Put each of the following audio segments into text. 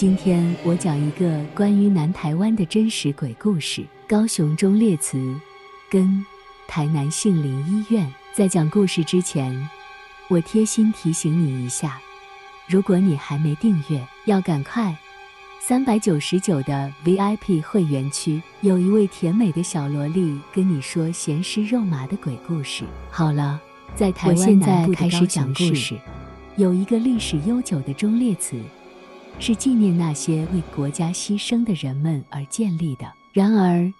今天我講一個關於南台灣的真實鬼故事——高雄忠烈祠，跟台南杏林醫院。在講故事之前，我貼心提醒你一下：如果你還沒訂閱，要趕快！三百九十九的 VIP 會員區，有一位甜美的小蘿莉跟你說鹹濕肉麻的鬼故事。好了，在台灣我現在南部開始講故事。有一個歷史悠久的忠烈祠。是紀念那些為國家犧牲的人們而建立的。然而，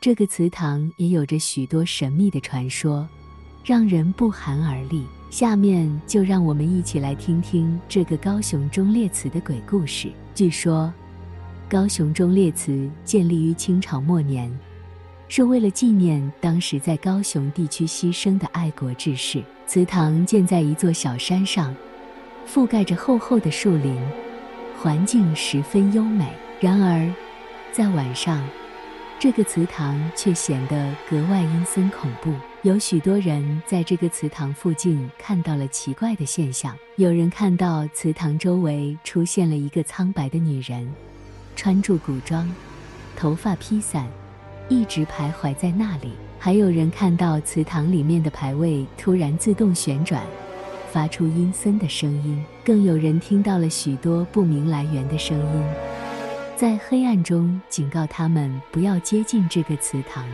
這個祠堂也有着許多神秘的傳說，讓人不寒而栗。下面就讓我們一起來聽聽這個高雄忠烈祠的鬼故事。據說，高雄忠烈祠建立於清朝末年，是為了紀念當時在高雄地區犧牲的愛國志士。祠堂建在一座小山上，覆蓋着厚厚的樹林。環境十分優美，然而在晚上，這個祠堂卻顯得格外陰森恐怖。有許多人在這個祠堂附近看到了奇怪的現象，有人看到祠堂周圍出現了一個蒼白的女人，穿着古裝，頭髮披散，一直徘徊在那裡；還有人看到祠堂裡面的牌位突然自動旋轉。發出陰森的聲音，更有人聽到了許多不明來源的聲音，在黑暗中警告他們不要接近這個祠堂。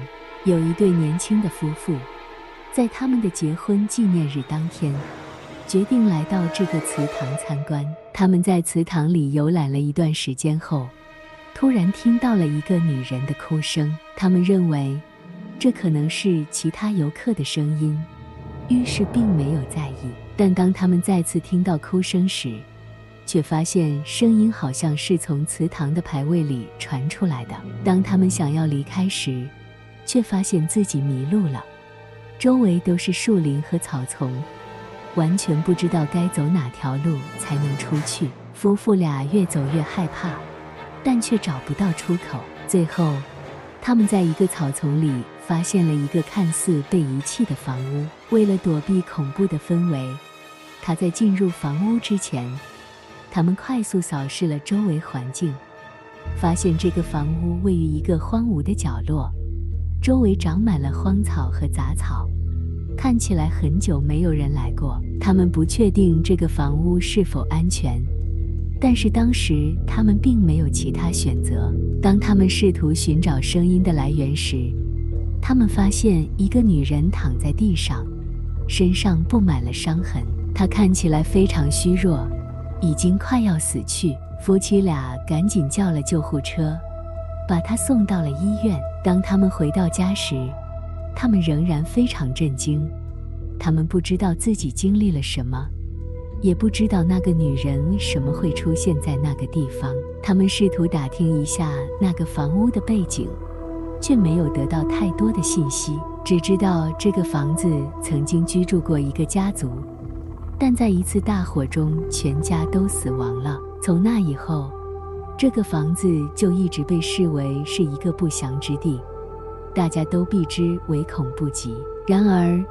有一對年輕的夫婦，在他們的結婚紀念日當天，決定來到這個祠堂參觀。他們在祠堂裡遊覽了一段時間後，突然聽到了一個女人的哭聲。他們認為這可能是其他遊客的聲音，於是並沒有在意。但當他們再次聽到哭聲時，卻發現聲音好像是從祠堂的牌位裡傳出來的。當他們想要離開時，卻發現自己迷路了，周圍都是樹林和草叢，完全不知道該走哪條路才能出去。夫婦倆越走越害怕，但卻找不到出口。最後，他們在一個草叢裡發現了一個看似被遺棄的房屋，為了躲避恐怖的氛圍。他在進入房屋之前，他們快速掃視了周圍環境，發現這個房屋位於一個荒蕪的角落，周圍長滿了荒草和雜草，看起來很久沒有人來過。他們不確定這個房屋是否安全，但是當時他們並沒有其他選擇。當他們試圖尋找聲音的來源時，他們發現一個女人躺在地上，身上布滿了傷痕。他看起來非常虛弱，已經快要死去。夫妻倆趕緊叫了救護車，把他送到了醫院。當他們回到家時，他們仍然非常震驚。他們不知道自己經歷了什麼，也不知道那個女人為什麼會出現在那個地方。他們試圖打聽一下那個房屋的背景，卻沒有得到太多的信息，只知道這個房子曾經居住過一個家族。但在一次大火中，全家都死亡了。從那以後，這個房子就一直被視為是一個不祥之地，大家都避之唯恐不及。然而，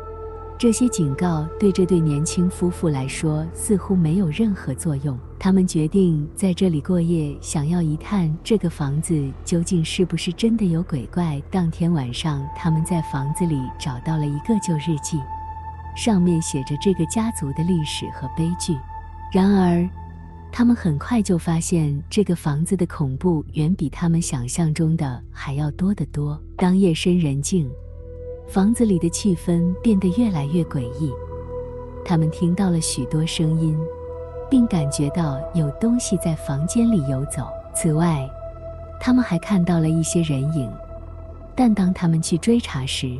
這些警告對這對年輕夫婦來說似乎沒有任何作用。他們決定在這裡過夜，想要一探這個房子究竟是不是真的有鬼怪。當天晚上，他們在房子裡找到了一個舊日記。上面寫着這個家族的歷史和悲劇。然而，他們很快就發現這個房子的恐怖遠比他們想象中的還要多得多。當夜深人靜，房子裡的氣氛變得越來越詭異，他們聽到了許多聲音，並感覺到有東西在房間裡遊走。此外，他們還看到了一些人影，但當他們去追查時，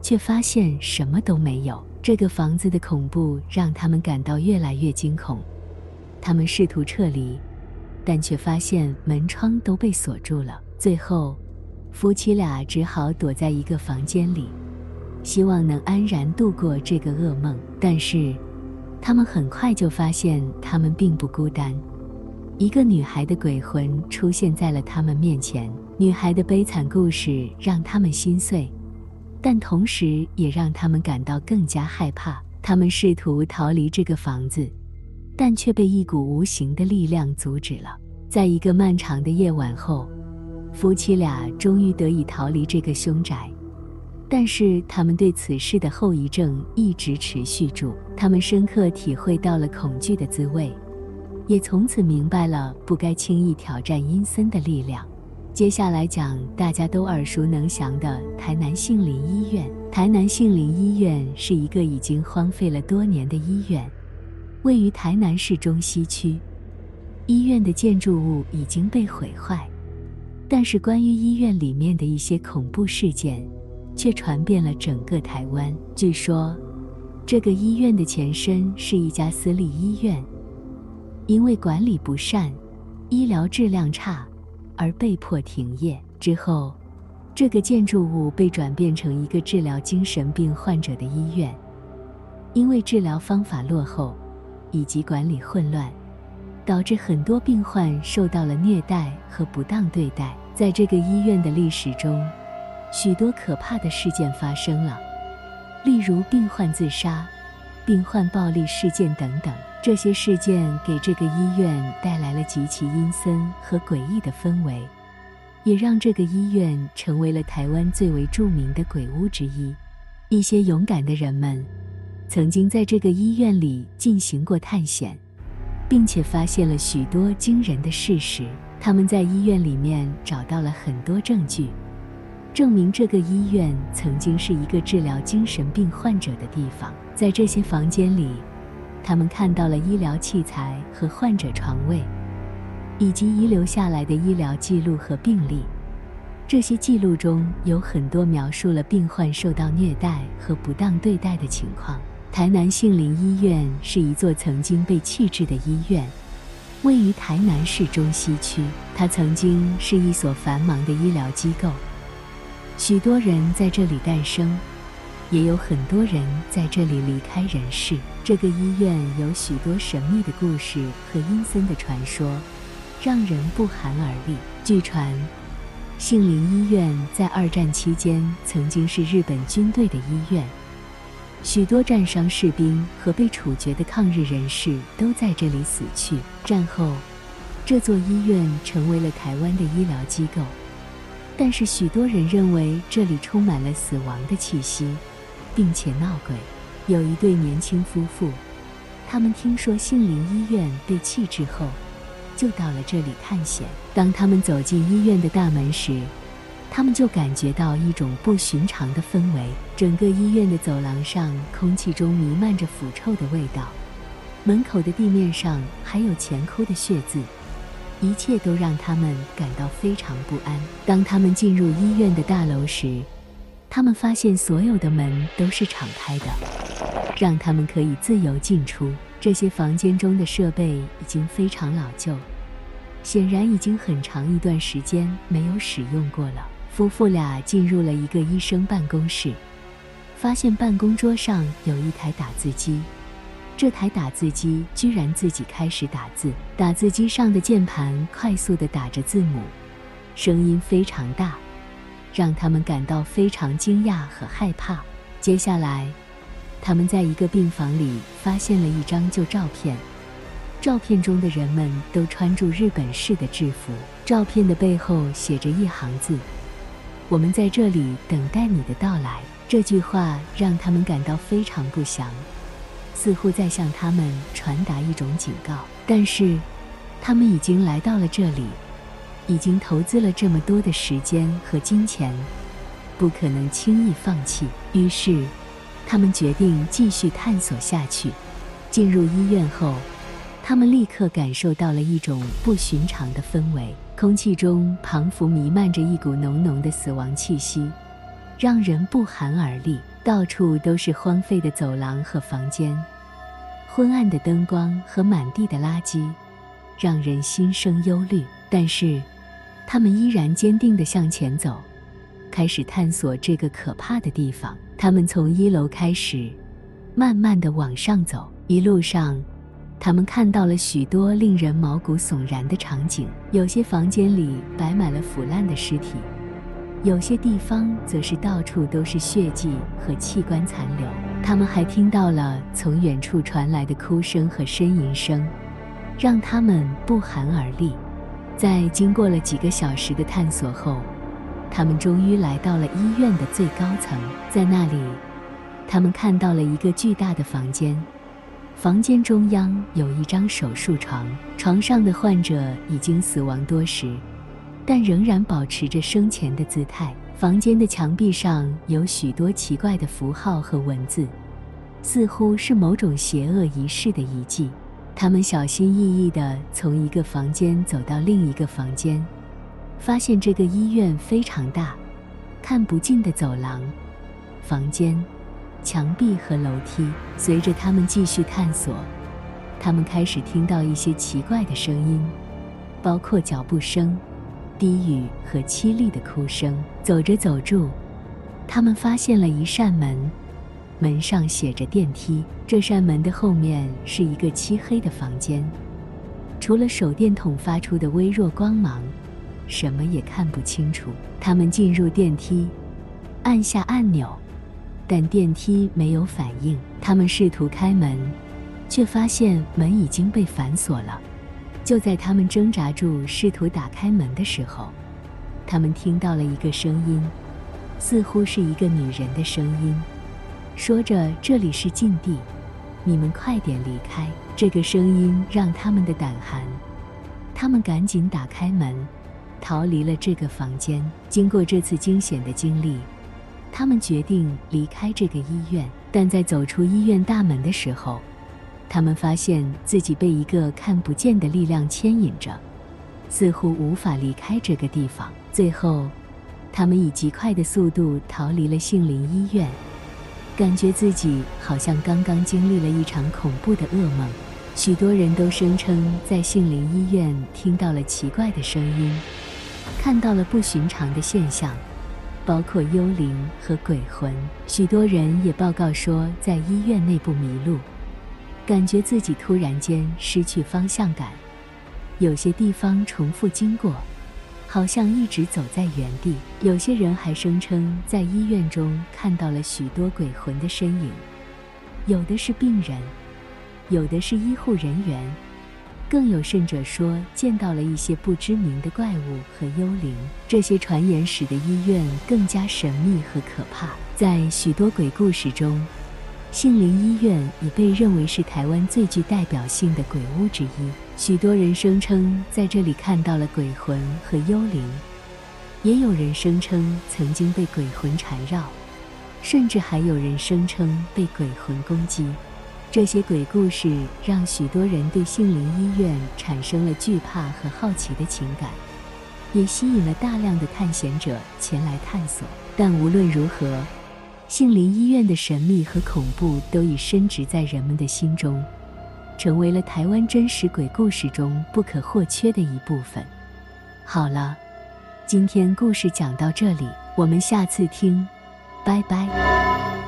卻發現什麼都沒有。這個房子的恐怖讓他們感到越來越驚恐，他們試圖撤離，但卻發現門窗都被鎖住了。最後，夫妻倆只好躲在一個房間裡，希望能安然度過這個噩夢。但是，他們很快就發現他們並不孤單，一個女孩的鬼魂出現在了他們面前。女孩的悲慘故事讓他們心碎。但同時也讓他們感到更加害怕。他們試圖逃離這個房子，但卻被一股無形的力量阻止了。在一個漫長的夜晚後，夫妻倆終於得以逃離這個凶宅。但是，他們對此事的後遺症一直持續住。他們深刻體會到了恐懼的滋味，也從此明白了不該輕易挑戰陰森的力量。接下來講大家都耳熟能詳的台南杏林醫院。台南杏林醫院是一個已經荒廢了多年的醫院，位於台南市中西區。醫院的建築物已經被毀壞，但是關於醫院裡面的一些恐怖事件，卻傳遍了整個台灣。據說，這個醫院的前身是一家私立醫院，因為管理不善，醫療質量差。而被迫停業之後，這個建築物被轉變成一個治療精神病患者的醫院，因為治療方法落後，以及管理混亂，導致很多病患受到了虐待和不當對待。在這個醫院的歷史中，許多可怕的事件發生了，例如病患自殺、病患暴力事件等等。這些事件給這個醫院帶來了極其陰森和詭異的氛圍，也讓這個醫院成為了台灣最為著名的鬼屋之一。一些勇敢的人們曾經在這個醫院裡進行過探險，並且發現了許多驚人的事實。他們在醫院裡面找到了很多證據，證明這個醫院曾經是一個治療精神病患者的地方。在這些房間裡，他們看到了醫療器材和患者床位，以及遺留下來的醫療記錄和病歷。這些記錄中有很多描述了病患受到虐待和不當對待的情況。台南杏林醫院是一座曾經被棄置的醫院，位於台南市中西區。它曾經是一所繁忙的醫療機構，許多人在這裡誕生。也有很多人在這裡離開人世。這個醫院有許多神秘的故事和陰森的傳說，讓人不寒而栗。據傳，杏林醫院在二戰期間曾經是日本軍隊的醫院，許多戰傷士兵和被處決的抗日人士都在這裡死去。戰後，這座醫院成為了台灣的醫療機構，但是許多人認為這裡充滿了死亡的氣息。並且鬧鬼。有一對年輕夫婦，他們聽說杏林醫院被棄置後，就到了這裡探險。當他們走進醫院的大門時，他們就感覺到一種不尋常的氛圍。整個醫院的走廊上，空氣中彌漫着腐臭的味道，門口的地面上還有乾枯的血漬，一切都讓他們感到非常不安。當他們進入醫院的大樓時，他們發現所有的門都是敞開的，讓他們可以自由進出。這些房間中的設備已經非常老舊，顯然已經很長一段時間沒有使用過了。夫婦倆進入了一個醫生辦公室，發現辦公桌上有一台打字機。這台打字機居然自己開始打字，打字機上的鍵盤快速地打着字母，聲音非常大。讓他們感到非常驚訝和害怕。接下來，他們在一個病房裡發現了一張舊照片，照片中的人們都穿着日本式的制服。照片的背後寫着一行字：“我們在這裡等待你的到來。”這句話讓他們感到非常不祥，似乎在向他們傳達一種警告。但是，他們已經來到了這裡。已經投資了這麼多的時間和金錢，不可能輕易放棄。於是，他們決定繼續探索下去。進入醫院後，他們立刻感受到了一種不尋常的氛圍，空氣中彷佛彌漫着一股濃濃的死亡氣息，讓人不寒而慄。到處都是荒廢的走廊和房間，昏暗的燈光和滿地的垃圾，讓人心生憂慮。但是，他們依然堅定地向前走，開始探索這個可怕的地方。他們從一樓開始，慢慢地往上走。一路上，他們看到了許多令人毛骨悚然的場景：有些房間裡擺滿了腐爛的屍體，有些地方則是到處都是血跡和器官殘留。他們還聽到了從遠處傳來的哭聲和呻吟聲，讓他們不寒而慄。在經過了幾個小時的探索後，他們終於來到了醫院的最高層。在那裡，他們看到了一個巨大的房間，房間中央有一張手術床，床上的患者已經死亡多時，但仍然保持着生前的姿態。房間的牆壁上有許多奇怪的符號和文字，似乎是某種邪惡儀式的遺跡。他們小心翼翼地，從一個房間走到另一個房間，發現這個醫院非常大，看不盡的走廊、房間、牆壁和樓梯。隨着他們繼續探索，他們開始聽到一些奇怪的聲音，包括腳步聲、低語和淒厲的哭聲。走着走着，他們發現了一扇門。門上寫着“電梯”，這扇門的後面是一個漆黑的房間，除了手電筒發出的微弱光芒，什麼也看不清楚。他們進入電梯，按下按鈕，但電梯沒有反應。他們試圖開門，卻發現門已經被反鎖了。就在他們掙扎住試圖打開門的時候，他們聽到了一個聲音，似乎是一個女人的聲音。說着：“這裡是禁地，你們快點離開。”這個聲音讓他們的膽寒，他們趕緊打開門，逃離了這個房間。經過這次驚險的經歷，他們決定離開這個醫院。但在走出醫院大門的時候，他們發現自己被一個看不見的力量牽引着，似乎無法離開這個地方。最後，他們以極快的速度逃離了杏林醫院。感覺自己好像剛剛經歷了一場恐怖的噩夢。許多人都聲稱在杏林醫院聽到了奇怪的聲音，看到了不尋常的現象，包括幽靈和鬼魂。許多人也報告說在醫院內部迷路，感覺自己突然間失去方向感，有些地方重複經過。好像一直走在原地。有些人還聲稱在醫院中看到了許多鬼魂的身影，有的是病人，有的是醫護人員，更有甚者說見到了一些不知名的怪物和幽靈。這些傳言使得醫院更加神秘和可怕。在許多鬼故事中，杏林醫院已被認為是台灣最具代表性的鬼屋之一。許多人聲稱在這裡看到了鬼魂和幽靈，也有人聲稱曾經被鬼魂纏繞，甚至還有人聲稱被鬼魂攻擊。這些鬼故事讓許多人對杏林醫院產生了懼怕和好奇的情感，也吸引了大量的探險者前來探索。但無論如何，杏林醫院的神秘和恐怖都已深植在人們的心中。成為了台灣真實鬼故事中不可或缺的一部分。好了，今天故事講到這裡，我們下次聽，拜拜。